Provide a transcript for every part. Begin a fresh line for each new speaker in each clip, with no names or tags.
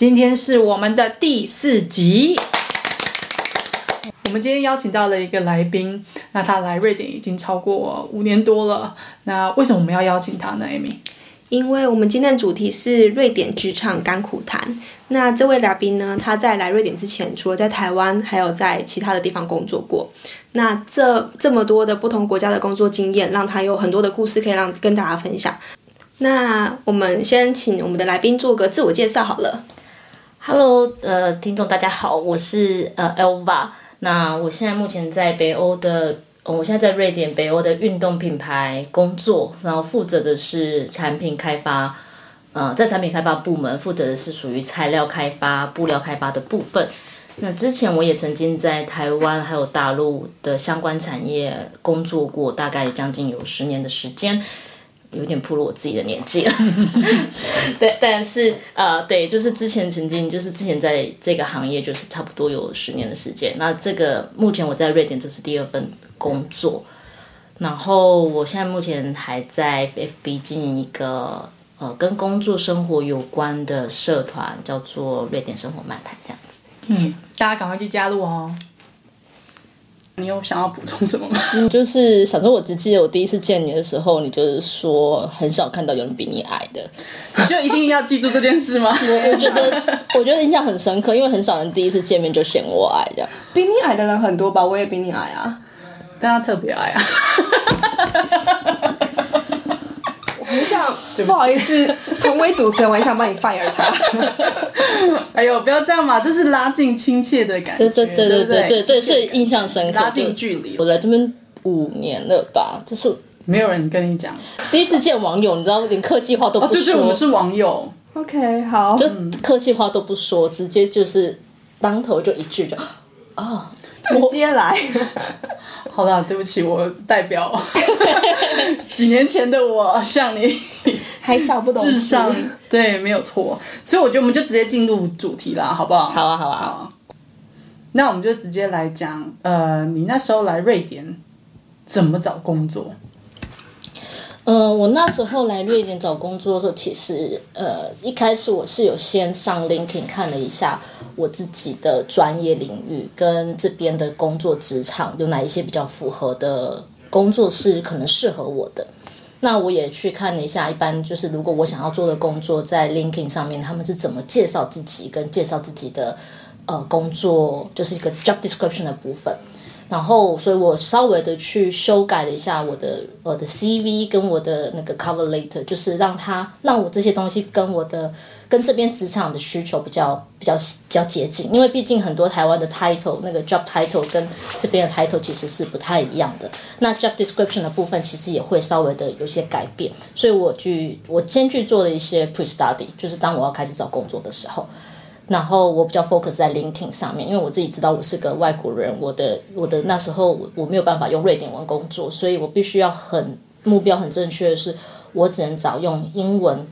今天是我們的第四集，我們今天邀請到了一個來賓，那他來瑞典已經超過五年多了。那
為什麼我們要邀請他呢？Amy，因為我們今天的主題是瑞典職場甘苦談。那這位來賓呢，他在來瑞典之前，除了在台灣，還有在其他的地方工作過。那這這麼多的不同國家的工作經驗，讓他有很多的故事可以讓跟大家分享。那我們先請我們的來賓做個自我介紹好
了。Hello，呃，聽眾大家好，我是呃 Elva。那我現在目前在北歐的，我現在在瑞典北歐的運動品牌工作，然後負責的是產品開發，呃，在產品開發部門負責的是屬於材料開發、布料開發的部分。那之前我也曾經在台灣還有大陸的相關產業工作過，大概將近有十年的時間。有點曝露我自己的年紀了 對，但是呃，對，就是之前曾經就是之前在這個行業就是差不多有十年的時間。那這個目前我在瑞典這是第二份工作，嗯、然後我現在目前還在 FB 經營一個呃跟工作生活有關的社團，叫做瑞典生活漫談這樣子。謝
謝嗯，大家趕快去加入哦。
你有想要補充什麼嗎？就是想說，我只記得我第一次見你的時候，你就是說很少看到有人比你矮的， 你就一定要記住這件事嗎？我 我覺得我覺得印象很深刻，因為很少人第一次見面就嫌我矮，這樣。比你矮的人很多吧？我也比你矮啊，但他特別矮啊。
很想，不,不好意思，就同為主持人，我很想幫你 fire 他。
哎呦，不要這樣嘛，這是
拉近親切的感覺，對對對對對，
所以是印象深刻，拉近距離。我來這邊五年了吧，就是沒有人跟你講，第一次見網友，你知道連客氣話都不說。哦就是、我們是網友，OK，好，就客氣話都不說，直接就是當頭就一句就啊。我直接來， 好了，對不起，我代表 幾年
前的我像你，還小不懂智商，嗯、對，沒有錯，所以我覺得我們就直接進入主題啦，好不好？好啊，好啊，好啊，那我們就直接來講，呃，你那時候來瑞典怎麼找工作？
嗯、呃，我那時候來瑞典找工作的時候，其實呃一開始我是有先上 LinkedIn 看了一下我自己的專業領域跟這邊的工作職場有哪一些比較符合的工作是可能適合我的。那我也去看了一下，一般就是如果我想要做的工作，在 LinkedIn 上面他們是怎麼介紹自己跟介紹自己的呃工作，就是一個 job description 的部分。然後，所以我稍微的去修改了一下我的我的 CV 跟我的那個 cover letter，就是讓它讓我這些東西跟我的跟這邊職場的需求比較比較比較接近，因為畢竟很多台灣的 title 那個 job title 跟這邊的 title 其實是不太一樣的。那 job description 的部分其實也會稍微的有些改變，所以我去我先去做了一些 pre study，就是當我要開始找工作的時候。然後我比較 focus 在 LinkedIn 上面，因為我自己知道我是個外國人，我的我的那時候我，我沒有辦法用瑞典文工作，所以我必須要很目標很正確的是，我只能找用英文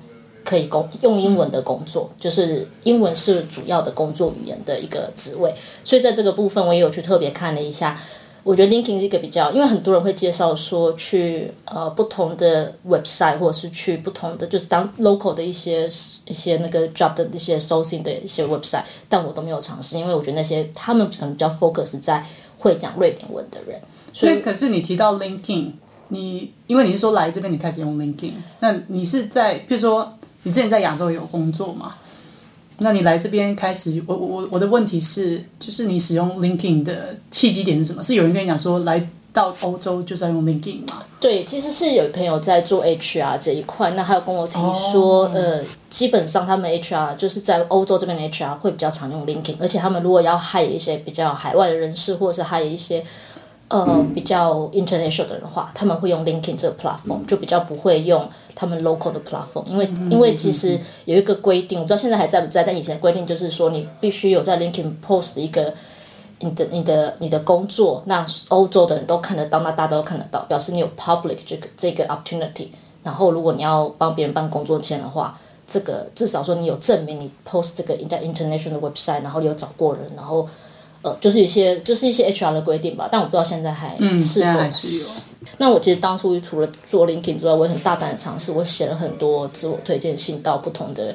可以工用英文的工作，就是英文是主要的工作語言的一個職位，所以在這個部分我也有去特別看了一下。我覺得 LinkedIn 是一個比較，因為很多人會介紹說去呃不同的 website，或者是去不同的就是當 local 的一些一些那個 job 的一些 sourcing 的一些 website，但我都沒有嘗試，因為我覺得那些他們可能比較 focus 在會講瑞典文的人。所以，可是你提到 LinkedIn 你因為你是說來這邊你
開始用 LinkedIn 那你是在譬如說你之前在亞洲有工作嗎？那你來這邊開始，我我我的問題是，就是你使用 LinkedIn 的契機點是什麼？是有人跟你講說，來到歐洲就是要用 LinkedIn 嗎？
對，其實是有朋友在做 HR 這一塊，那他有跟我提說，oh, 呃，對基本上他們 HR 就是在歐洲這邊的 HR 會比較常用 LinkedIn，而且他們如果要 hire 一些比較海外的人士，或者是 hire 一些呃、mm. 比較 international 的人的話，他們會用 LinkedIn 這個 platform，就比較不會用。他們 local 的 platform，因為因為其實有一個規定，嗯嗯、我不知道現在還在不在，但以前規定就是說你必須有在 LinkedIn post 一個你的你的你的，你的工作，那歐洲的人都看得到，那大家都看得到，表示你有 public 這個、這個 opportunity。然後如果你要幫別人辦工作簽的話，這個至少說你有證明你 post 這個 international website，然後你有找過人，然後呃就是一些就是一些 HR 的規定吧，但我不知道現在還是不是。嗯那我其實當初除了做 LinkedIn 之外，我也很大膽的嘗試，我寫了很多自我推薦信到不同的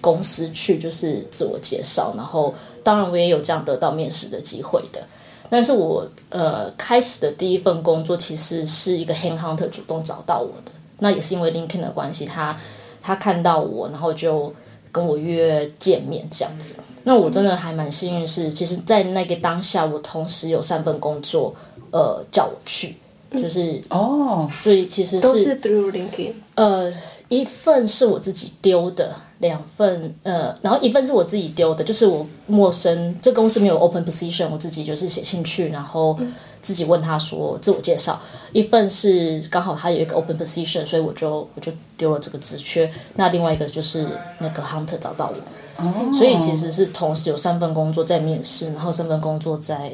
公司去，就是自我介紹。然後，當然我也有這樣得到面試的機會的。但是我呃，開始的第一份工作其實是一個 Head Hunter 主動找到我的，那也是因為 LinkedIn 的關係，他他看到我，然後就跟我約見面這樣子。那我真的還蠻幸運是，是其實在那個當下，我同時有三份工作，呃，叫我去。嗯、就是哦，所以其實是，是呃，一份是我自己丟的，兩份呃，然後一份是我自己丟的，就是我陌生這個、公司沒有 open position，我自己就是寫信去，然後自己問他說自我介紹。嗯、一份是剛好他有一個 open position，所以我就我就丟了這個職缺。那另外一個就是那個 hunter 找到我，哦、所以其實是同時有三份工作在面試，然後三份工作在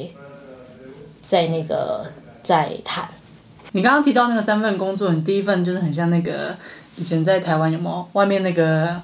在那個在談。你剛剛提到那個三份工作，你第一份就是很像
那個以前在台灣有沒有？有外面那個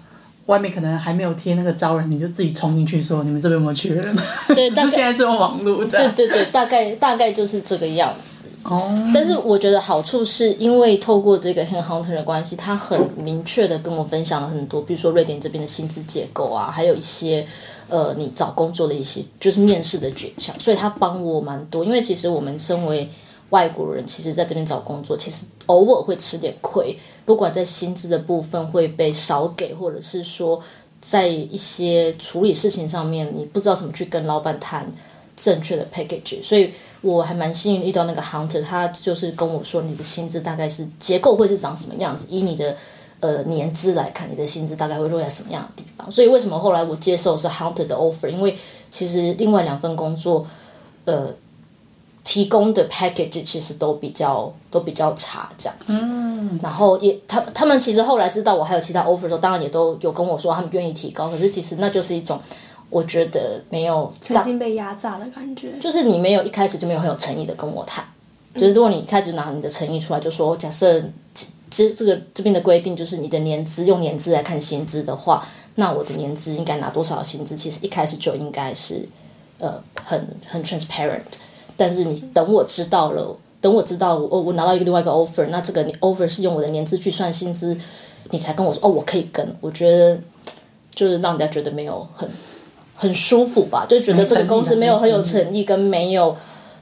外面可能還沒有貼那個招人，你就自己衝進去說你們這邊有沒有缺人？
對，但 是現在是用網絡的。對對對，對，大概大概就是這個樣子。哦。但是我覺得好處是因為透過這個 head hunter 的關係，他很明確的跟我分享了很多，比如說瑞典這邊的薪資結構啊，還有一些呃你找工作的一些就是面試的訣竅，所以他幫我蠻多。因為其實我們身為外國人其實在這邊找工作，其實偶爾會吃點虧，不管在薪資的部分會被少給，或者是說在一些處理事情上面，你不知道怎麼去跟老板談正確的 package。所以我還蠻幸運遇到那個 hunter，他就是跟我說你的薪資大概是結構會是長什麼樣子，以你的呃年資來看，你的薪資大概會落在什麼樣的地方。所以為什麼後來我接受是 hunter 的 offer？因為其實另外兩份工作，呃。提供的 package 其實都比較都比較差，這樣子，
嗯、然
後也他他們其實後來知道我還有其他 offer 的時候，當然也都有跟我說他們願意提高，可是其實那就是一種我覺得沒有曾
經被壓榨的感覺，就是你
沒有一開始就沒有很有誠意的跟我談，嗯、就是如果你一開始拿你的誠意出來，就說假設這這這個這邊的規定就是你的年資用年資來看薪資的話，那我的年資應該拿多少薪資，其實一開始就應該是呃很很 transparent。但是你等我知道了，嗯、等我知道我、哦、我拿到一個另外一個 offer，那這個 offer 是用我的年資去算薪資，你才跟我說哦，我可以跟，我覺得就是讓人家覺得沒有很很舒服吧，就覺得這個公司沒有很有誠意，跟沒有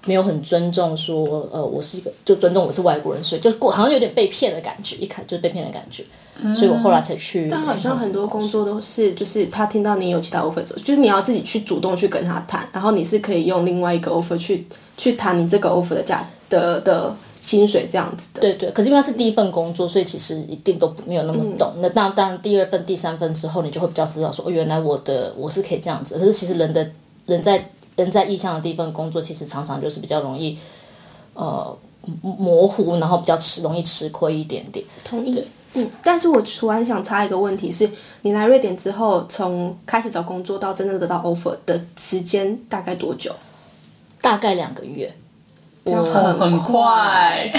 沒有很尊重說呃我是一個就尊重我是外國人，所以就過好像有點被騙的感覺，一看就是被騙的感覺，
所以我後來才
去健健、嗯。但好像很
多工作都是就是他聽到你有其他 offer 時候，就是你要自己去主動去跟他談，然後你是可以用另外一個 offer 去。去談
你這個 offer 的價的的薪水這樣子的，對,對對。可是因為是第一份工作，所以其實一定都沒有那麼懂。嗯、那當然，當第二份、第三份之後，你就會比較知道說，哦，原來我的我是可以這樣子。可是其實人的人在人在異鄉的第一份工作，其實常常就是比較容易呃模糊，然後比較吃容易吃虧一點點。同
意，對嗯。但是我突然想插一個問題，是你來瑞典之後，從開始找工作到真正得到 offer 的時間大概多久？大概兩個月，很我很
快。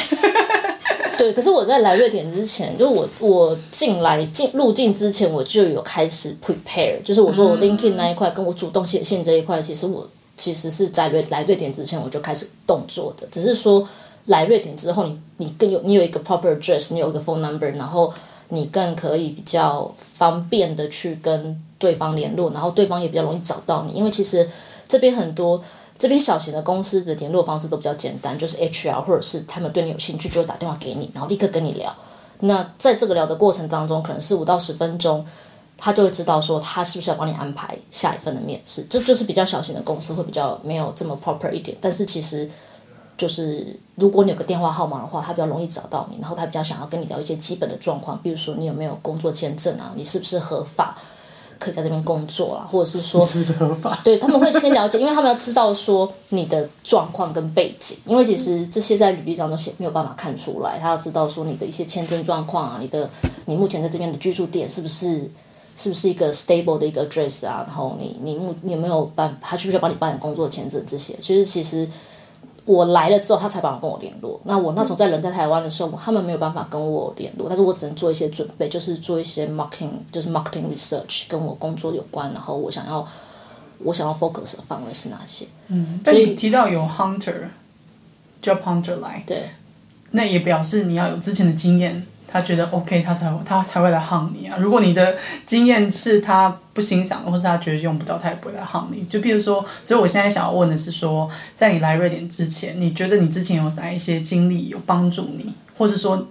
對，可是我在來瑞典之前，就我我進來進入境之前，我就有開始 prepare，、嗯、就是我說我 LinkedIn 那一塊，跟我主動寫信這一塊，其實我其實是在瑞來瑞典之前我就開始動作的。只是說來瑞典之後你，你你更有你有一個 proper address，你有一個 phone number，然後你更可以比較方便的去跟對方聯絡，然後對方也比較容易找到你，因為其實這邊很多。這邊小型的公司的聯絡方式都比較簡單，就是 HR 或者是他們對你有興趣就會打電話給你，然後立刻跟你聊。那在這個聊的過程當中，可能是五到十分鐘，他就會知道說他是不是要幫你安排下一份的面試。這就是比較小型的公司會比較沒有這麼 proper 一點，但是其實就是如果你有個電話號碼的話，他比較容易找到你，然後他比較想要跟你聊一些基本的狀況，比如說你有沒有工作簽證啊，你是不是合法。可以在這邊工作，或者是說，是是對，他們會先了解， 因為他們要知道說你的狀況跟背景，因為其實這些在履歷上都寫沒有辦法看出來，他要知道說你的一些簽證狀況啊，你的你目前在這邊的居住點是不是是不是一個 stable 的一個 address 啊，然後你你目有沒有辦法，他需不需要幫你辦你工作簽證這些？所以其實其實。我來了之後，他才把我跟我聯絡。那我那時候在人在台灣的時候，他們沒有辦法跟我聯絡，但是我只能做一些準備，就是做一些 marketing，就是 marketing research，跟我工作有關。然後我想要，我想要 focus 的範圍是哪些？嗯，但你提到有 hunter，job
hunter 來，對，那也表示你要有之前的經驗，他覺得 OK，他才他才會來 hunt 你啊。如果你的經驗是他。不欣賞，或是他覺得用不到，他也不會來耗你。就比如說，所以我現在想要問的是說，說在你來瑞典之前，你覺得你之前有哪一些經歷有幫助你，或者說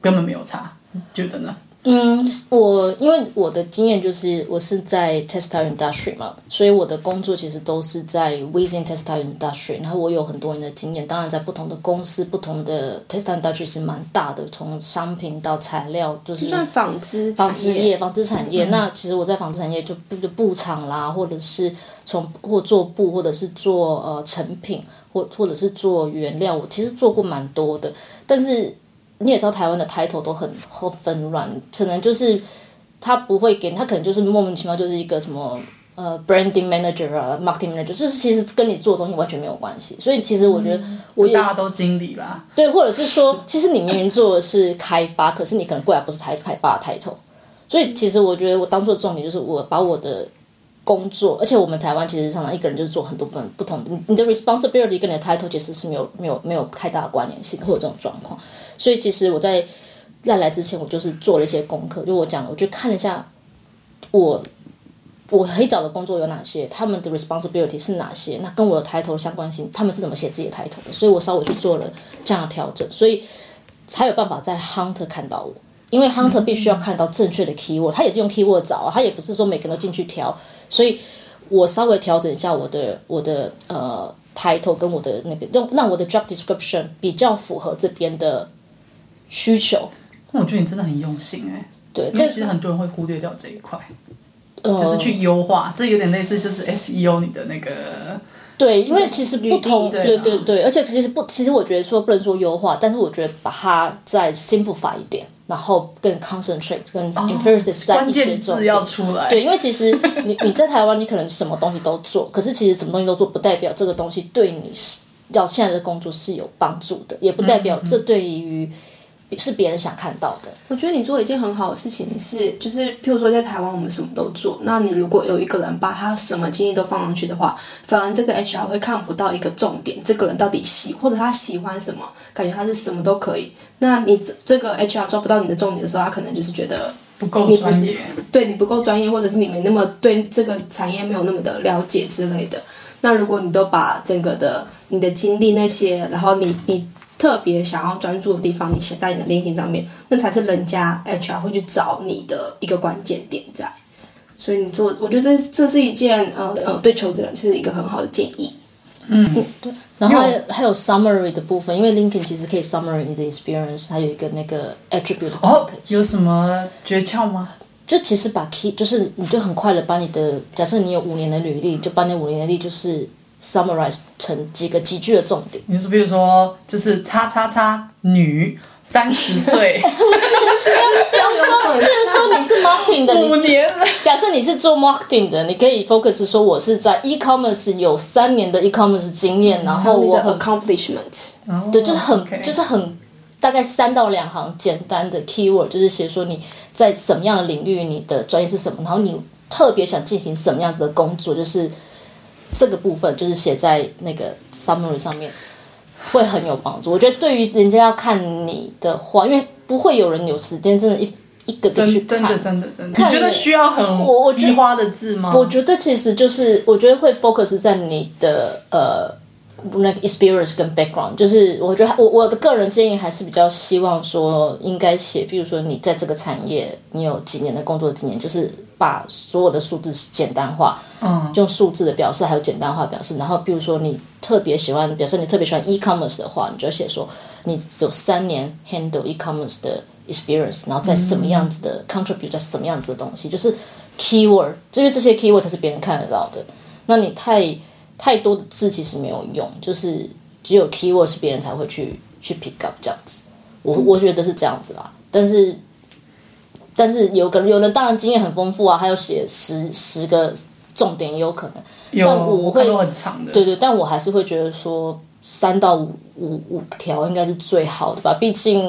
根本沒有差，你覺得呢？
嗯，我因為我的經驗就是我是在 textile industry 嘛，所以我的工作其實都是在 within textile industry。然後我有很多年的經驗，當然在不同的公司，不同的 textile industry 是蠻大的，從商品到材料就是。就算紡織。紡織業，紡織產業。那其實我在紡織產業就布就布廠啦，或者是從或做布，或者是做呃成品，或或者是做原料，我其實做過蠻多的，但是。你也知道台灣的 title 都很很紛亂，可能就是他不會給你他，可能就是莫名其妙就是一個什麼呃 branding manager 啊 marketing manager，就是其實跟你做的東西完全沒有關係。所以其實我覺得我，我、嗯，大家都經理啦。對，或者是說，其實你明明做的是開發， 可是你可能過來不是台開發的 title。所以其實我覺得我當作重點就是我把我的。工作，而且我們台灣其實常常一個人就是做很多份不同的，你的 responsibility 跟你的 title 其實是沒有沒有沒有太大的關聯性的，會有這種狀況。所以其實我在在來，來之前，我就是做了一些功課，就我講，我就看了一下我我可以找的工作有哪些，他們的 responsibility 是哪些，那跟我的 title 相關性，他們是怎麼寫自己的 title 的，所以我稍微去做了這樣的調整，所以才有辦法在 hunter 看到我，因為 hunter 必須要看到正確的 keyword，他也是用 keyword 找啊，他也不是說每個人都進去調。所以，我稍微調整一下我的我的呃抬頭跟我的那個讓讓我的 job description 比較符合這邊的需求。那我覺得你
真的很用心誒、欸，對，這其,其實很多人會忽略掉這一塊，呃、
就是去優化，
這有點類似就是 SEO 你的那個。
對，因為其實不同，對對對，而且其實不，其實我覺得說不能說優化，但是我覺得把它再 simplify 一點。然後更 concentrate，更 emphasis 在一些這、oh, 對,對，因為其實你你在台灣，你可能什麼東西都做， 可是其實什麼東西都做，不代表這個東西對你是要現在的工作是有幫助的，也不代表這對於、嗯。嗯是別人想看到的。我
覺得你做一件很好的事情是，就是譬如說在台灣，我們什麼都做。那你如果有一個人把他什麼經歷都放上去的話，反而這個 HR 會看不到一個重點，這個人到底喜或者他喜歡什麼，感覺他是什麼都可以。那你這這個 HR 抓不到你的重點的時候，他可能就是覺得不，不夠專業，對你不夠專業，或者是你沒那麼對這個產業沒有那麼的了解之類的。那如果你都把整個的你的經歷那些，然後你你。特別想要專注的地方，你寫在你的 LinkedIn 上面，那才是人家 HR 會去找你的一個關鍵點在。所以你做，我覺得這是這是
一件呃呃，嗯 uh, 對求職人其實一個很好的建議。嗯，對、嗯。然後還有，用還有 summary 的部分，因為 LinkedIn 其實可以 summary 你的 experience，它有一個那個 attribute。哦，有什麼訣竅嗎？就其實把 key，就是你就很快的把你的假設你有五年的履歷，就把那五年的履歷就是。Summarize 成幾個幾句的重點，你說，比如說，就是叉叉叉女三十歲，不能 說，不能說你是 marketing 的，五年。假設你是做 marketing 的，你可以 focus 說我是在 e commerce 有三年的 e commerce 經驗，嗯、然後我然後的 accomplishment，對，就是很 Okay. 就是很大概三到兩行簡單的 keyword，就是寫說你在什麼樣的領域，你的專業是什麼，然後你特別想進行什麼樣子的工作，就是。這個部分就是寫在那個 summary 上面，會很有幫助。我覺得對於人家要看你的話，因為不會有人有時間真的一，一一個字個去看。真的真的真的，真的真的的你覺
得需要很我我繁花的字嗎我我？我覺
得其實就是，我覺得會 focus 在你的呃那個、like、experience 跟 background。就是我覺得我我的個人建議還是比較希望說，應該寫，比如說你在這個產業你有幾年的工作經驗，就是。把所有的數字簡單化，嗯，用數字的表示還有簡單化表示。然後，比如說你特別喜歡，比如說你特別喜歡 e-commerce 的話，你就寫說你只有三年 handle e-commerce 的 experience，然後在什麼樣子的、嗯嗯、contribute，在什麼樣子的東西，就是 keyword，因為這些 keyword 是別人看得到的。那你太太多的字其實沒有用，就是只有 keyword 是別人才會去去 pick up 這樣子。我我覺得是這樣子啦，嗯、但是。但是有可能有的，當然經驗很豐富啊，還要寫十十個重點也有可能。有，但我會很很長的對對，但我還是會覺得說三到五五五條應該是最好的吧。畢竟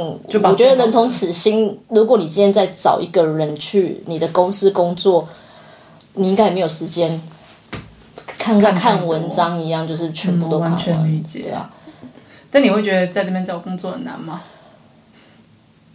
把我覺得人同此心。的如果你今天在找一個人去你的公司工作，你應該也沒有時間看，看在看文章一樣，就是全部都看完，嗯、完全理解對啊。
但你會覺得在這邊找工作很難嗎？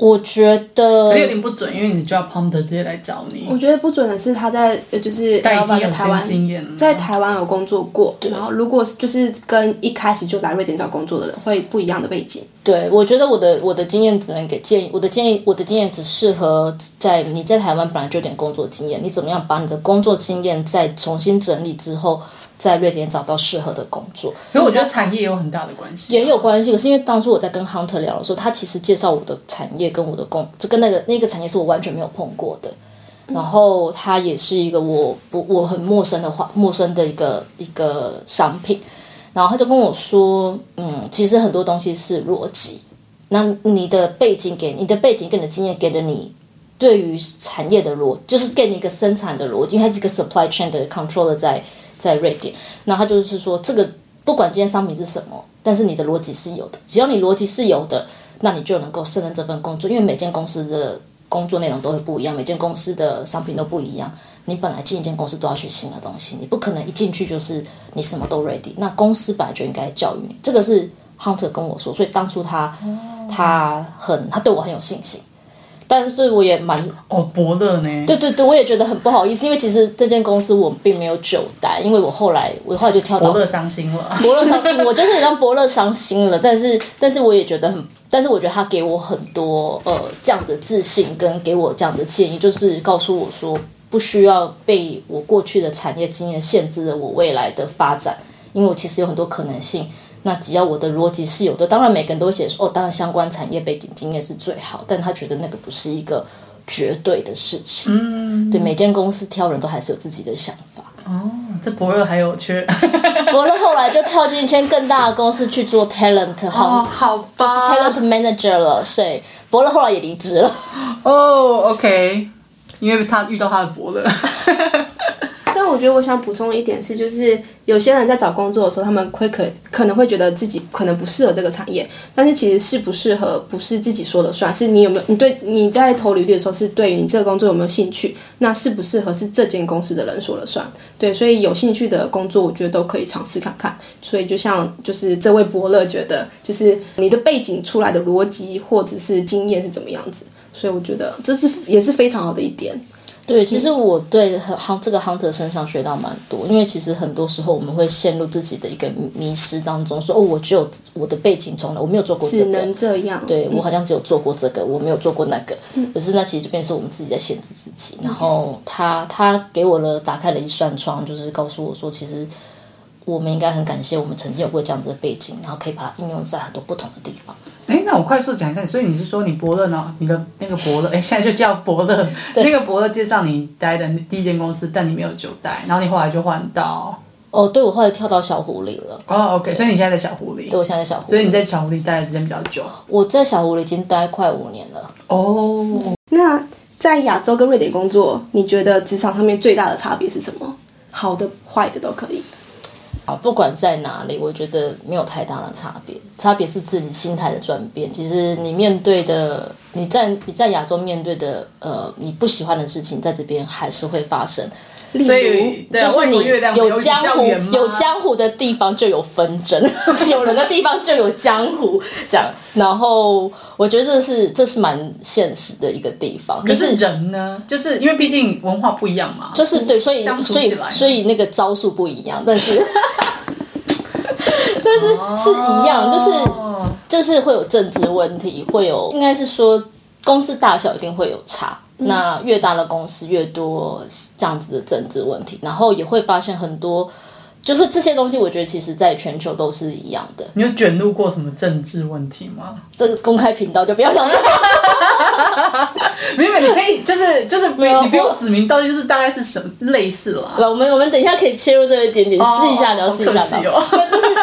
我覺得他有
點不準，因為你叫 Pom 的直接來找你。我
覺得不準的是他在，就是他已經有先經驗，在台灣有工作過。對然後，如果是就是跟一開始就來瑞典找工作
的人，會不一樣的背景。對，我覺得我的我的經驗只能給建議。我的建議，我的經驗只適合在你在台灣本來就有點工作經驗，你怎麼樣把你的工作經驗再重新整理之後。在瑞典找到適合的工作，所以我覺
得產業有很大的關
係，嗯，也有關係。可是因為當初我在跟 Hunter 聊的時候，他其實介紹我的產業跟我的工作，就跟那個那個產業是我完全沒有碰過的，嗯，然後他也是一個我不我很陌生的話，陌生的一個一個商品，然後他就跟我說，嗯，其實很多東西是邏輯，那你的背景給你，你的背景跟你的經驗給了你對於產業的邏，就是給你一個生產的邏輯，因為它是一個 supply chain 的 controller 在。在瑞典，那他就是說，這個不管今天商品是什麼，但是你的邏輯是有的，只要你邏輯是有的，那你就能夠勝任這份工作。因為每間公司的工作內容都會不一樣，每間公司的商品都不一樣，你本來進一間公司都要學新的東西，你不可能一進去就是你什麼都 ready。那公司本來就應該教育你，這個是 Hunter 跟我說，所以當初他、哦、他很他對我很有信心。但是我也蠻哦，伯樂呢？對對對，我也覺得很不好意思，因為其實這間公司我並沒有久待，因為我後來，我後來就跳到伯樂相親了。伯 樂相親，我就是讓伯樂傷心了。但是，但是我也覺得很，但是我覺得他給我很多呃這樣的自信，跟給我這樣的建議，就是告訴我說，不需要被我過去的產業經驗限制了我未來的發展，因為我其實有很多可能性。那只要我的邏輯是有的，當然每個人都會寫說哦。當然相關產業背景經驗是最好，但他覺得那個不是一個絕對的事情。嗯，對，每間公司挑人都還是有自己的想法。哦，這伯樂還有缺。對 伯樂後來就跳進一間更大的公司去做 talent。哦，好吧，就是 talent manager 了。所以伯樂後來也離職了。哦，OK，因為他遇到他的伯樂。 我覺得我
想補充一點是，就是有些人在找工作的時候，他們會可可能會覺得自己可能不適合這個產業，但是其實適不適合不是自己說了算，是你有沒有你對你在投履歷的時候，是對於你這個工作有沒有興趣，那適不適合是這間公司的人說了算。對，所以有興趣的工作，我覺得都可以嘗試看看。所以就像就是這位伯樂覺得，就是你的背景出來的邏輯或者是經驗是怎麼樣子，所以我覺得
這是也是非常好的一點。對，其實我對亨這個亨特身上學到蠻多，因為其實很多時候我們會陷入自己的一個迷思當中，說哦，我只有我的背景從來我沒有做過這個，只能這樣，對我好像只有做過這個，嗯、我沒有做過那個，可是那其實就變成我們自己在限制自己。嗯、然後他他給我了，打開了一扇窗，就是告訴我說，其實。我們應該很感謝我們曾經有過這樣子的背景，然後可以把它應用在很多不同的地方。
哎，那我快速講一下，所以你是說你伯樂呢？你的那個伯樂，哎，現在就叫伯樂，對那個伯樂介紹你待的第一間公司，但你沒有久待，然後你後來就換到哦，對，我後來跳到小狐狸了。哦，OK，對所以你現在在小狐狸。對，對，我現在在小狐狸。所
以你在小狐狸待的時間比較久。我在小狐狸已經待快五年了。哦，嗯。那在亞洲跟瑞典工作，你覺得職場上面最大的差別是什麼？好
的、壞的都可以。啊，不管在哪裡，我覺得沒有太大的差別。差別是自己心態的轉變，其實你面對的。你在你在亞洲面對的呃，你不喜歡的事情在這邊還是會發生。例如所以、啊、就是你有江湖月亮有，有，有江湖的地方就有紛爭， 有人的地方就有江湖。 這樣，然後我覺得這是這是蠻現實的一個地方。可是，可是人
呢，就是因為畢竟文化不一樣嘛，就是對，所以所以所以，
所以那個招數不一樣，但是 但是、oh. 是一樣，就是。就是會有政治問題，會有應該是說公司大小一定會有差，嗯、那越大的公司越多這樣子的政治問題，然後也會發現很多就是這些東西，我覺得其實在全球都是一樣的。
你有捲入過什麼政治問題嗎？
這個公開頻道 就不要了， 明白，你可以就是就是不有你不用指明到底，就是大概是什麼類似了。我們我們等一下可以切入這一點點，試一下，哦、你要試一下嗎？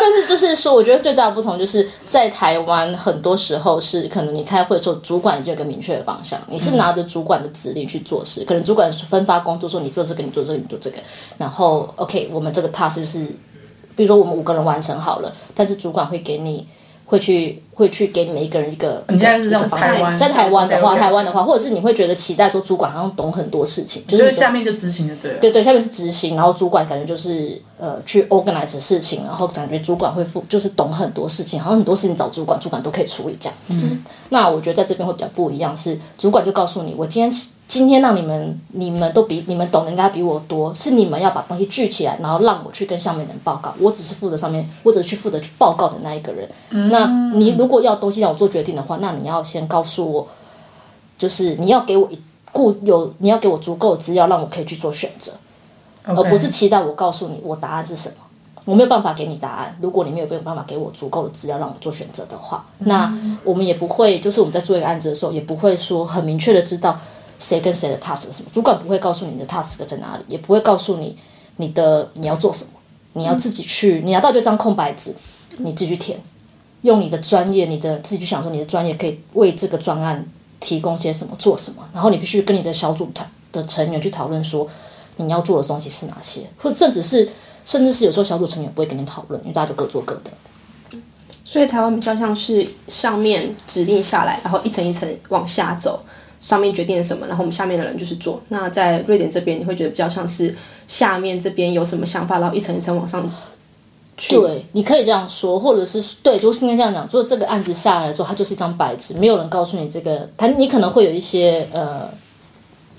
但是就是說，我覺得最大的不同就是在台灣，很多時候是可能你開會的時候，主管就有個明確的方向，你是拿着主管的指令去做事。可能主管分發工作說你做這個，你做這個，你做這個，然後 OK，我們這個 task、就是，比如說我們五個人完成好了，但是主管會給你。會去會去給你每一個人一個，你現在是這樣台灣，在台灣是的話，okay. 台灣的話，或者是你會覺得期待做主管好像懂很多事情，就是下面
就執行就對了對對
對，下面是執行，然後主管感覺就是呃去 organize 事情，然後感覺主管會負就是懂很多事情，好像很多事情找主管，主管都可以處理這樣。嗯，那我覺得在這邊會比較不一樣，是主管就告訴你，我今天。今天讓你們，你們都比你們懂的應該比我多，是你們要把東西聚起來，然後讓我去跟上面的人報告。我只是負責上面，或者去負責去報告的那一個人。嗯、那你如果要東西讓我做決定的話，那你要先告訴我，就是你要給我一固有，你要給我足夠的資料，讓我可以去做選擇，Okay. 而不是期待我告訴你我答案是什麼。我沒有辦法給你答案，如果你沒有辦法給我足夠的資料讓我做選擇的話，嗯、那我們也不會，就是我們在做一個案子的時候，也不會說很明確的知道。誰跟誰的 task 是什麼？主管不會告訴你的 task 在哪裡，也不會告訴你你的你要做什麼，你要自己去。你拿到這張空白紙，你自己去填，用你的專業，你的自己去想說你的專業可以為這個專案提供些什麼，做什麼。然後你必須跟你的小組團的成員去討論說你要做的東西是哪些，或者甚至是甚至是有時候小組成員不會跟你討論，因為大家都各做各的。所以台
灣比較像是上面指令下來，然後一層一層往下走。上面決定了什麼，然後我們下面的人就是做。那在瑞典這邊，你會覺得比較像是下面這邊有什
麼想法，然後一層一層往上去。對，你可以這樣說，或者是對，就是應該這樣講。做這個案子下來的時候，它就是一張白紙，沒有人告訴你這個，它，你可能會有一些呃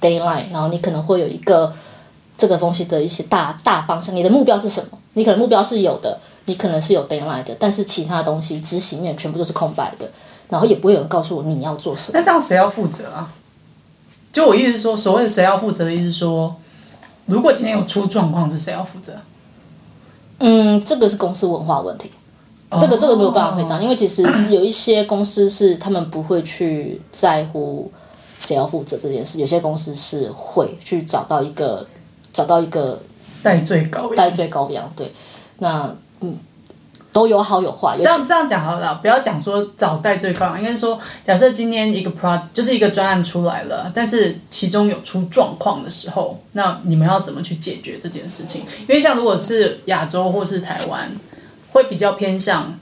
d a y l i n e 然後你可能會有一個這個東西的一些大大方向。你的目標是什麼？你可能目標是有的，你可能是有 d a y l i n e 的，但是其他東西執行面全部都是空白的。然後也不會有人告訴我你要做什麼。那這樣誰要負責啊？
就我意思是說，所謂誰要負責的意思是說，如果今天有出狀況，是誰要負責？
嗯，這個是公司文化問題，這個、哦、這個沒有辦法回答，哦、因為其實有一些公司是他們不會去在乎誰要負責這件事，有些公司是會去找到一個，找到一個
代罪羔羊，代
罪羔羊，對，那嗯。都有好有壞。這樣這樣講好
了，不要講說找代罪羔羊。應該說，假設今天一個 project 就是一個專案出來了，但是其中有出狀況的時候，那你們要怎麼去解決這件事情？因為像如果是亞洲或是台灣，會比較偏向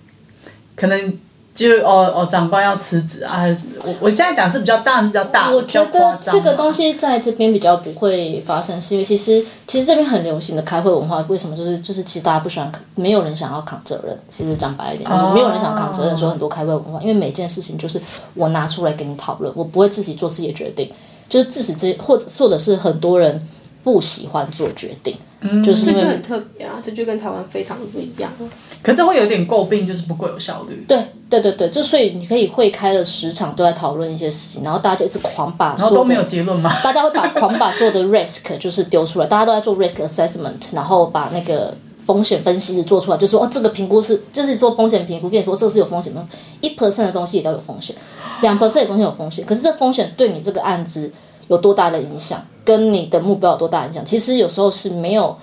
可能。
就哦哦，長官要辭職啊！還是我我現在講是比較大，比較大，我覺得這個東西在這邊比較不會發生，是因為其實其實這邊很流行的開會文化，為什麼就是就是其實大家不喜歡，沒有人想要扛責任。其實講白一點，哦、沒有人想扛責任，所以很多開會文化，因為每件事情就是我拿出來跟你討論，我不會自己做自己的決定，就是自始至或者或者是很多人。不喜歡做決定，嗯，就是因為這就很
特別啊，這就跟台灣非常的不一樣。
可這會有點詬病，就是不夠有效率。對，對對對，就所以你可以會開了十場都在討論一些事情，然後大家就一直狂把所有，然後都沒有結論嗎？大家會把狂把所有的 risk 就是丟出來， 大家都在做 risk assessment，然後把那個風險分析做出來，就是說哦，這個評估是就是做風險評估，跟你說這是有風險的，一 percent 的東西也叫有風險，兩 percent 的東西有風險，可是這風險對你這個案子有多大的影響？跟你的目標有多大影響？其實有時候是沒有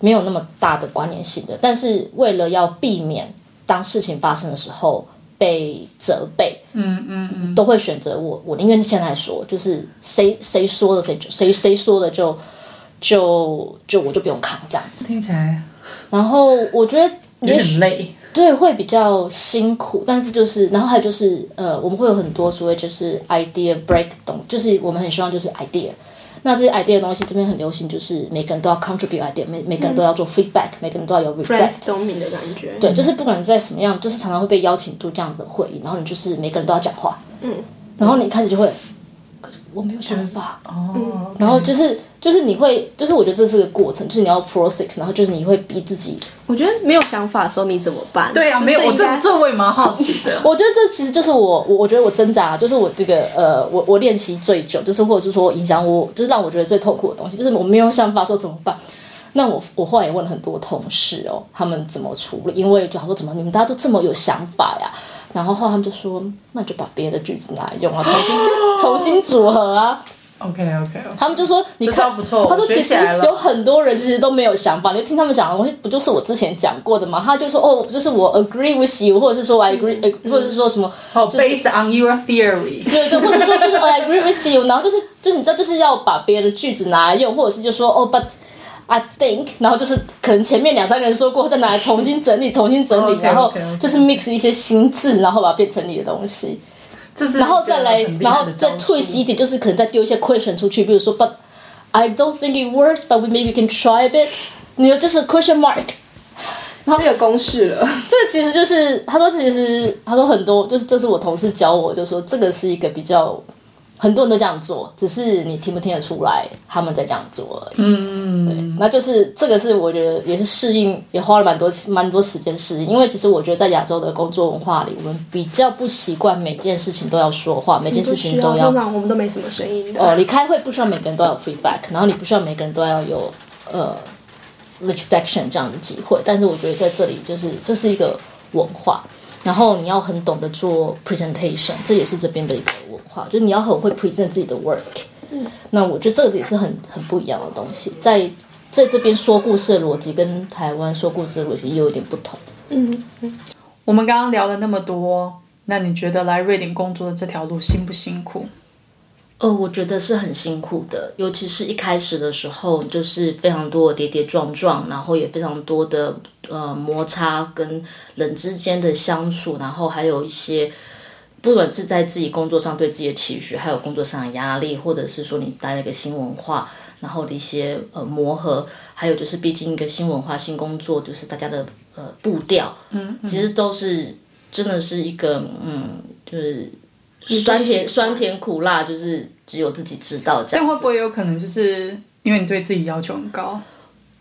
沒有那麼大的關聯性的。但是為了要避免當事情發生的時候被責備，嗯嗯嗯，嗯嗯都會選擇我我，寧願現在說就是誰誰說的誰誰誰說的就就就我就不用扛這樣子。聽起來，然後我覺得也很累，對，會比較辛苦。但是就是，然後還有就是，呃，我們會有很多所謂就是 idea break，懂？down，就是我們很希望就是 idea。那這些 idea 的東西，這邊很流行，就是每個人都要 contribute idea，每每個人都要做 feedback，、嗯、每個人都要有 reflect，
聰明的感覺。對，嗯、就是不
管在什麼樣，就是常常會被邀請做這樣子的會議，然後你就是每個人都要講話，嗯，然後你一開始就會。可是我沒有想法哦，Yeah. Oh, okay. 然後就是就是你會就是我覺得這是個過程，就是你要 process，然後就是你會逼自己。我覺得沒有想法的時候你怎麼辦？對啊，沒有我這這我也蠻好奇的。 我覺得這其實就是我我我覺得我掙扎，就是我這個呃我我練習最久，就是或者是說影響我，就是讓我覺得最痛苦的東西，就是我沒有想法說怎麼辦？那我我後來也問了很多同事哦、喔，他們怎麼處理？因為就他說怎麼你們大家都這麼有想法呀？然後後來他們就說：“那就把別的句子拿來用啊，重新，哦，重新組合啊。”OK OK，okay, okay. 他們就說：“你看。”他說：“其實有很多人其實都沒有想法。”你就聽他們講的東西，不就是我之前講過的嗎？他就說：“哦，就是我 agree with you，或者是說我 agree，嗯，或者是說什麼，嗯，就是 based on your theory，對對，或者說就是 I agree with you。”然後就是就是你知道，就是要把別的句子拿來用，或者是就說：“哦，but。” I think，然後就是可能前面兩三個人說過，再拿來重新整理， 重新整理，okay, okay, okay. 然後就是 mix 一些新字，然後把它變成你的東西，東西然後再來，然後再 twist 一點，就是可能再丟一些 question 出去，比如說 But I don't think it works, but maybe we maybe can try it. You know, just a bit。你有就是 question mark，然後有公式了。這其實就是他說，都其實他說很多，就是這是我同事教我，就是說這個是一個比較。很多人都這樣做，只是你聽不聽得出來他們在這樣做而已。嗯，對，那就是這個是我覺得也是適應，也花了蠻多蠻多時間適應。因為其實我覺得在亞洲的工作文化裡，我們比較不習慣每件事情都要說話，每件事情都要。要通
常我們都沒什麼聲音的。哦，你
開會不需要每個人都要有 feedback，然後你不需要每個人都要有呃 reflection 這樣的機會。但是我覺得在這裡就是這是一個文化，然後你要很懂得做 presentation，這也是這邊的一個文化。好，就你要很會 present 自己的 work，嗯、那我覺得這個也是很很不一樣的東西，在在這邊說故事的邏輯跟台灣說故事的邏輯又有點不同。嗯，嗯，我們剛剛聊了那麼多，
那你覺得來瑞典工作的這條路辛不辛苦？
呃、哦，我覺得是很辛苦的，尤其是一開始的時候，就是非常多的跌跌撞撞，然後也非常多的呃摩擦跟人之間的相處，然後還有一些。不管是在自己工作上對自己的期許，還有工作上的壓力，或者是說你帶了一個新文化，然後的一些呃磨合，還有就是畢竟一個新文化、新工作，就是大家的呃步調，嗯，嗯，其實都是真的是一個嗯，就是酸甜酸甜苦辣，嗯，就是只有自己知道這樣。
但會不會有可能就是因為你對自己要求很高？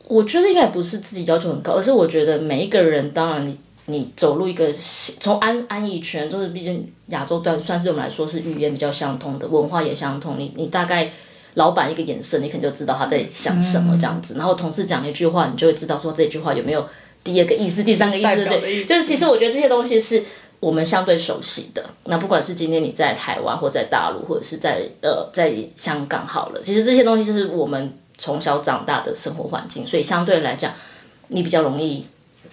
我覺得應該不是自己要求很高，而是我覺得每一個人，當然你。你走入一個從安安逸圈，就是畢竟亞洲段算是對我們來說是語言比較相通的，文化也相通。你你大概老闆一個眼神，你肯定就知道他在想什麼這樣子。嗯、然後同事講一句話，你就會知道說這句話有沒有第二個意思、第三個意思，意思對不對？就是其實我覺得這些東西是我們相對熟悉的。嗯、那不管是今天你在台灣，或在大陸，或者是在呃在香港，好了，其實這些東西就是我們從小長大的生活環境，所以相對來講，你比較容易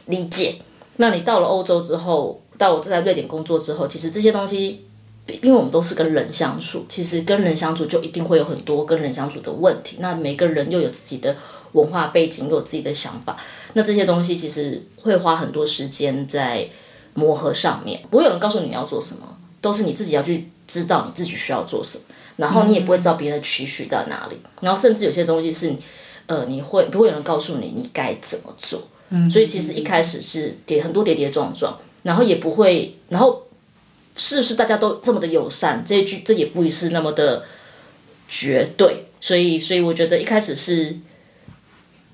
理解。那你到了歐洲之後，到我在瑞典工作之後，其實這些東西，因為我們都是跟人相處，其實跟人相處就一定會有很多跟人相處的問題。那每個人又有自己的文化背景，又有自己的想法，那這些東西其實會花很多時間在磨合上面。不會有人告訴你要做什麼，都是你自己要去知道你自己需要做什麼，然後你也不會知道別人的期許在哪裡。嗯、然後甚至有些東西是，呃，你會不會有人告訴你你該怎麼做？所以其實一開始是跌很多跌跌撞撞，然後也不會，然後是不是大家都這麼的友善？這句這也不是那麼的絕對。所以所以我覺得一開始是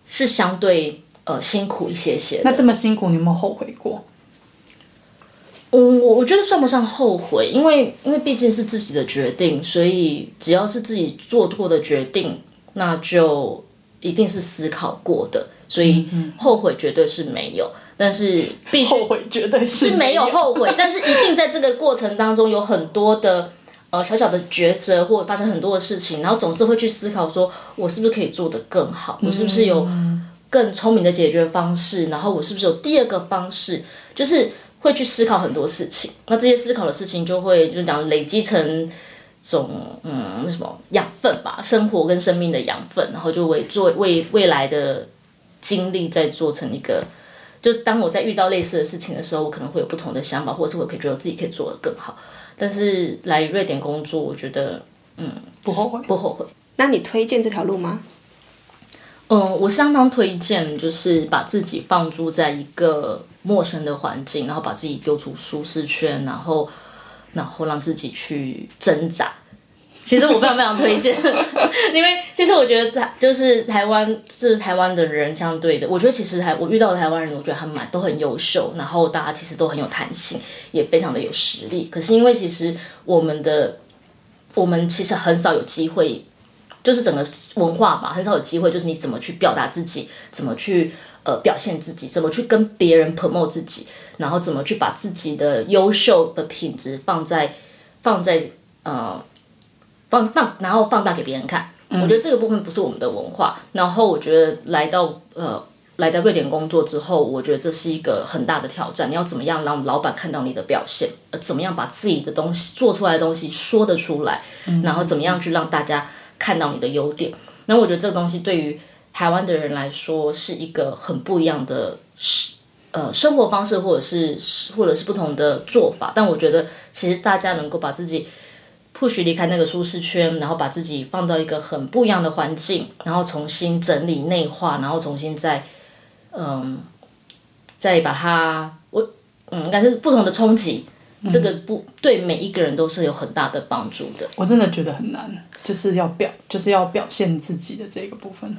是相對呃辛苦一些些。那這
麼辛苦，你有沒有後悔過？
我我覺得算不上後悔，因為因為畢竟是自己的決定，所以只要是自己做過的決定，那就一定是思考過的。所以後悔絕對是沒有，嗯、但是必須是後悔，後悔絕對是沒有後悔， 但是一定在這個過程當中有很多的呃小小的抉擇，或發生很多的事情，然後總是會去思考說，我是不是可以做得更好。嗯、我是不是有更聰明的解決方式，嗯、然後我是不是有第二個方式，就是會去思考很多事情。那這些思考的事情就會就是講累積成種，嗯，那什麼養分吧，生活跟生命的養分，然後就為作為未來的。經歷再做成一個，就當我在遇到類似的事情的時候，我可能會有不同的想法，或者是我可以覺得自己可以做得更好。但是來瑞典工作，我覺得，嗯，不後悔，不後悔。那你推薦這條路嗎？嗯，我相當推薦，就是把自己放逐在一個陌生的環境，然後把自己丟出舒適圈，然後，然後讓自己去掙扎。其實我非常非常推薦， 因為其實我覺得就是台灣是台灣的人相對的，我覺得其實台，我遇到的台灣人，我覺得還蠻都很優秀，然後大家其實都很有彈性，也非常的有實力。可是因為其實我們的我們其實很少有機會，就是整個文化嘛，很少有機會，就是你怎麼去表達自己，怎麼去呃表現自己，怎麼去跟別人 promote 自己，然後怎麼去把自己的優秀的品質放在放在呃。放放，然後放大給別人看。我覺得這個部分不是我們的文化。嗯、然後我覺得來到呃，來到瑞典工作之後，我覺得這是一個很大的挑戰。你要怎麼樣讓老闆看到你的表現？呃、怎麼樣把自己的東西做出來的東西說得出來？嗯、然後怎麼樣去讓大家看到你的優點？那我覺得這個東西對於台灣的人來說是一個很不一樣的生呃生活方式，或者是或者是不同的做法。但我覺得其實大家能夠把自己。不許離開那個舒適圈，然後把自己放到一個很不一樣的環境，然後重新整理內化，然後重新再，嗯，再把它我嗯，感受不同的衝擊，嗯、這個不對每一個人都是有很大的幫助的。我真的覺得很難，就是要
表，就是要表現自己的這個部分。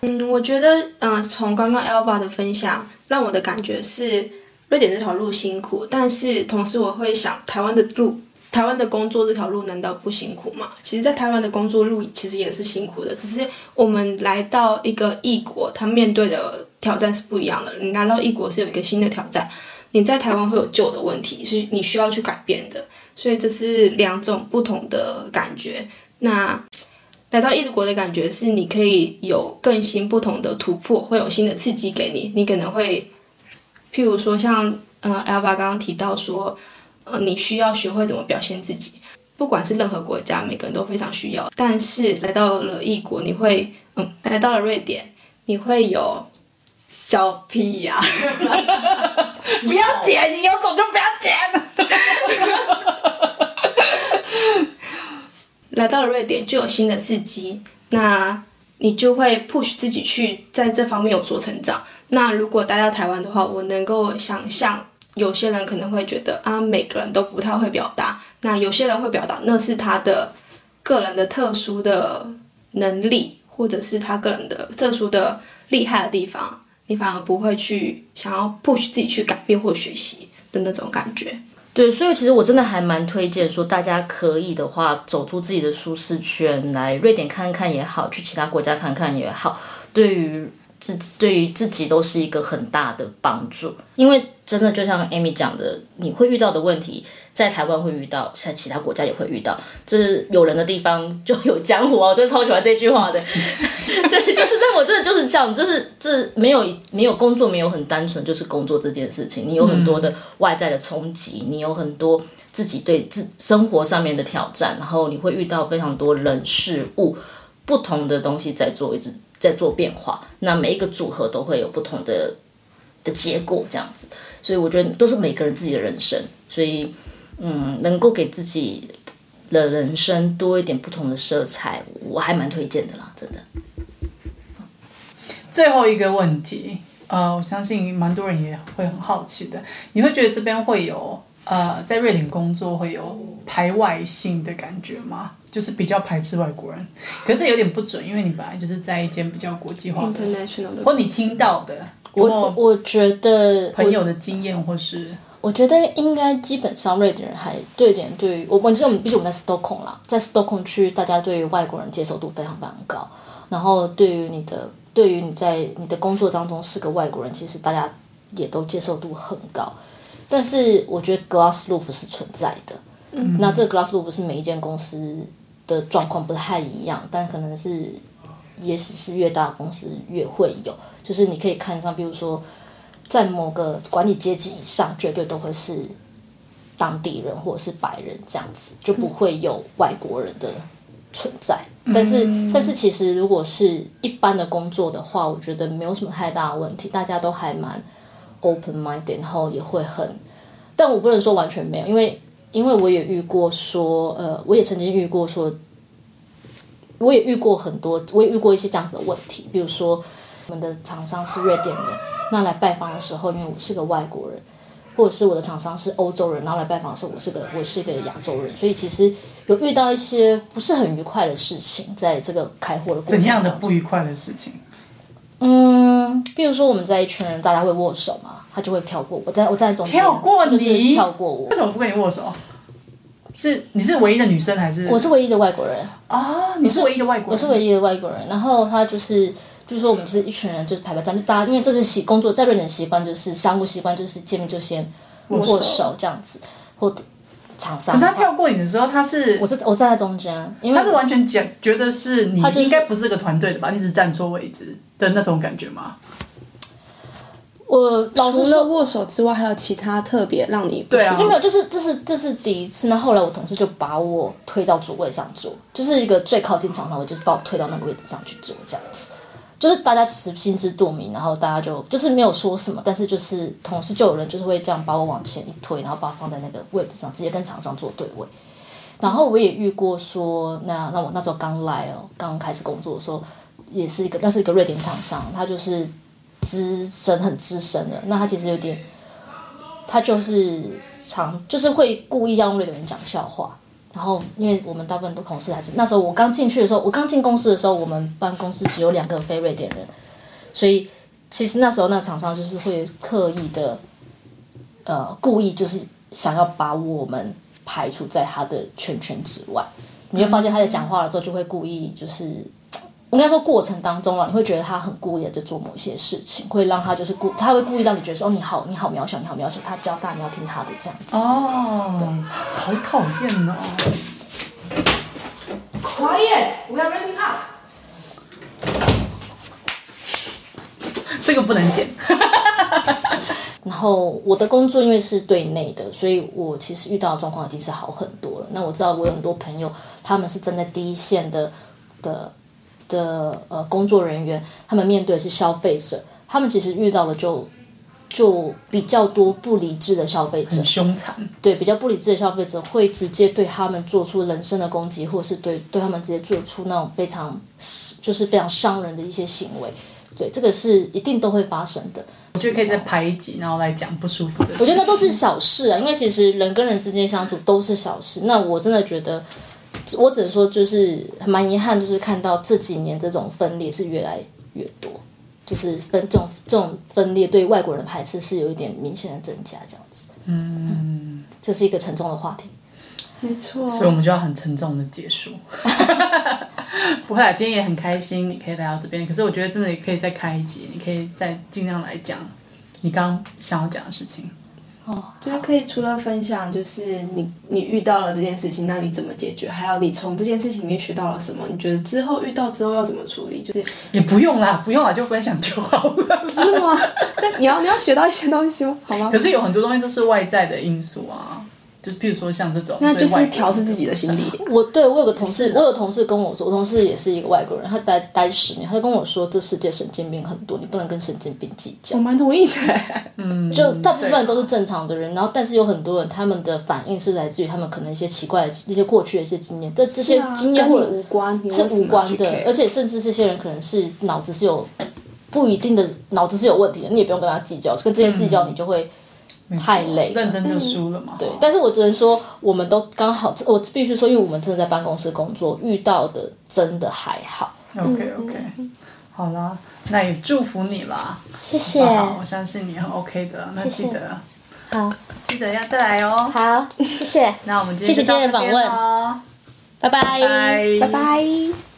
嗯，我覺得，嗯、呃，從剛剛 Elva 的分享，讓我的感覺是瑞典這條路辛苦，但是同時我會想台灣的路。台灣的工作這條路難道不辛苦嗎？其實，在台灣的工作路其實也是辛苦的，只是我們來到一個異國，他面對的挑戰是不一樣的。你來到異國是有一個新的挑戰，你在台灣會有舊的問題，是你需要去改變的。所以這是兩種不同的感覺。那來到異國的感覺是你可以有更新、不同的突破，會有新的刺激給你。你可能會，譬如說像，像呃，Elva 剛剛提到說。你需要學會怎麼表現自己，不管是任何國家，每個人都非常需要。但是來到了異國，你會，嗯，來到了瑞典，你會有小屁呀、啊， 不要剪，你有種就不要剪。 來到了瑞典就有新的刺激，那你就會 push 自己去在這方面有所成長。那如果待到台灣的話，我能夠想象。有些人可能會覺得啊，每個人都不太會表達。那有些人會表達，那是他的個人的特殊的能力，或者是他個人的特殊的厲害的地方。你反而不會去想要 push 自己去改變或學習的那種感覺。
對，所以其實我真的還蠻推薦說，大家可以的話，走出自己的舒適圈，來瑞典看看也好，去其他國家看看也好。對於自己對於自己都是一個很大的幫助，因為真的就像 Amy 講的，你會遇到的問題在台灣會遇到，在其他國家也會遇到。這、就是、有人的地方就有江湖啊、哦！我真的超喜歡這句話的。對， 就是，但我真的就是這樣，就是這沒有沒有工作，沒有很單純就是工作這件事情，你有很多的外在的衝擊，你有很多自己對自生活上面的挑戰，然後你會遇到非常多人事物不同的東西在做，一直。在做變化，那每一個組合都會有不同的的結果，這樣子，所以我覺得都是每個人自己的人生，所以嗯，能夠給自己的人生多一點不同的色彩，我還蠻推薦的啦，真的。
最後一個問題，呃，我相信蠻多人也會很好奇的，你會覺得這邊會有？呃，在瑞典工作會有排外性的感覺嗎？就是比較排斥外國人，可是這有點不準，因為你本來就是在一間比較國際化的
，international 的或你
聽到的。
我我覺得朋友的經驗或是我，我覺得應該基本上瑞典人還瑞典對於，我你知道我們畢竟我們在 Stockholm 啦，在 Stockholm 區，大家對於外國人接受度非常非常高。然後對於你的，對於你在你的工作當中是個外國人，其實大家也都接受度很高。但是我覺得 glass roof 是存在的，嗯、那這 glass roof 是每一間公司的狀況不太一樣，但可能是，也許是越大公司越會有，就是你可以看上，比如說在某個管理階級以上，絕對都會是當地人或者是白人這樣子，就不會有外國人的存在。嗯、但是但是其實如果是一般的工作的話，我覺得沒有什麼太大問題，大家都還蠻。open mind，然後也會很，但我不能說完全沒有，因為因為我也遇過說，呃，我也曾經遇過說，我也遇過很多，我也遇過一些這樣子的問題，比如說我們的廠商是瑞典人，那來拜訪的時候，因為我是個外國人，或者是我的廠商是歐洲人，然後來拜訪的時候，我是個我是個亞洲人，所以其實有遇到一些不是很愉快的事情，在這個開會的過程。怎樣的不
愉快的事情？
嗯，比如說我們在一群人，大家會握手嘛，他就會跳過我在，在我在中間跳過你，就是跳過我。為什麼
不跟你握手？是你是唯一的女生還是？我是
唯一的外國人。啊，你是唯一的外國人，人，我是唯一的外國人。然後他就是，就是說我們是一群人，就是排排站，就大家因為這個習工作在瑞典習慣就是相互習慣就是見面就先握手這樣子，握手。或者。可是他跳過你的時候，他是他我是我站在中間，因為他是完全講
覺得是你,他、就是、你應該不是這個團隊的吧？你是站錯位置的那種感覺嗎？
我老實說除了握手之外，還有其他特別讓你對啊就沒有？就是
這是這是第一次。那後,後來我同事就把我推到主位上坐，就是一個最靠近廠商位，我就是把我推到那個位置上去坐，這樣子。就是大家其實心知肚明，然後大家就就是沒有說什麼，但是就是同事就有人就是會這樣把我往前一推，然後把我放在那個位置上，直接跟廠商做對位。然後我也遇過說，那那我那時候剛來哦，剛開始工作的時候，也是一個那是一個瑞典廠商，他就是資深很資深的，那他其實有點，他就是常就是會故意讓瑞典人講笑話。然後，因為我們大部分都同事還是那時候，我剛進去的時候，我剛進公司的時候，我們辦公室只有兩個非瑞典人，所以其實那時候那廠商就是會刻意的，呃，故意就是想要把我們排除在他的圈圈之外。你會發現他在講話的時候就會故意就是。我跟他說，過程當中啊，你會覺得他很故意的在做某些事情，會讓他就是故，他會故意讓你覺得說，哦，你好，你好渺小，你好渺小，他比較大，你要聽他的這樣子。
哦、oh, 對，好討厭哦。Quiet, we are
wrapping
up. 這個不能講。Yeah. 然後我的工作因為是對內的，所以我其實遇到的狀況已經是好很多了。那我知道我有很多朋友，他們是站在第一線的的。的呃工作人員，他們面對的是消費者，他們其實遇到了就就比較多不理智的消費者，兇殘，對，比較不理智的消費者會直接對他們做出人身的攻擊，或者是對對他們直接做出那種非常就是非常傷人的一些行為，對，這個是一定都會發生的。我覺得可以再排一集，然後來講不舒服的事。我覺得那都是小事啊，因為其實人跟人之間相處都是小事。那我真的覺得。我只能說，就是蠻遺憾，就是看到這幾年這種分裂是越來越多，就是分這種這種分裂對外國人的排斥是有一點明顯的增加，這樣子。嗯，嗯，這是一個沉重的話題。沒錯錯。所以我們就要
很沉重的結束。 不會啊，今天也很開心，你可以來到這邊。可是我覺得真的也可以再開一集，你可以再盡量來講你剛想要講的事情。
就是可以除了分享，就是你好你遇到了這件事情，那你怎麼解決？還有你從這件事情裡面學到了什麼？你覺得之後遇到之後要怎麼處理？就是也不用啦， 不用啦，就分享就好了，真的嗎？那你要你要學到一些東西嗎？好嗎？可是有很多
東西都是外在的因素啊。就是，比如說像這種，那就是調試自己的心
理。我對我有個同事，我有個同事跟我說，我同事也是一個外國人，他待待十年，他就跟我說，這世界神經病很多，你不能跟神經病計較。我蠻同意的，
嗯，就
大部分都是正常的人，然後但是有很多人，他們的反應是來自於他們可能一些奇怪的一些過去的一些經驗，這這些經驗
無關是無關的，
而且甚至這些人可能是腦子是有不一定的腦子是有問題的，你也不用跟他計較，跟這些計較你就會，太累，認真就輸了嘛。嗯、好對，但是我只能說，我們都剛好，我必須說，因為我們真的在辦公室工作，遇到的真的還好。嗯、OK OK，好了，那也祝福你啦，謝
謝好好，我相信你很 OK 的，那記得，謝謝
好，記得要再來哦、喔。好，
謝謝，那我們就謝謝今天的訪問
哦，拜拜，拜拜 bye。Bye bye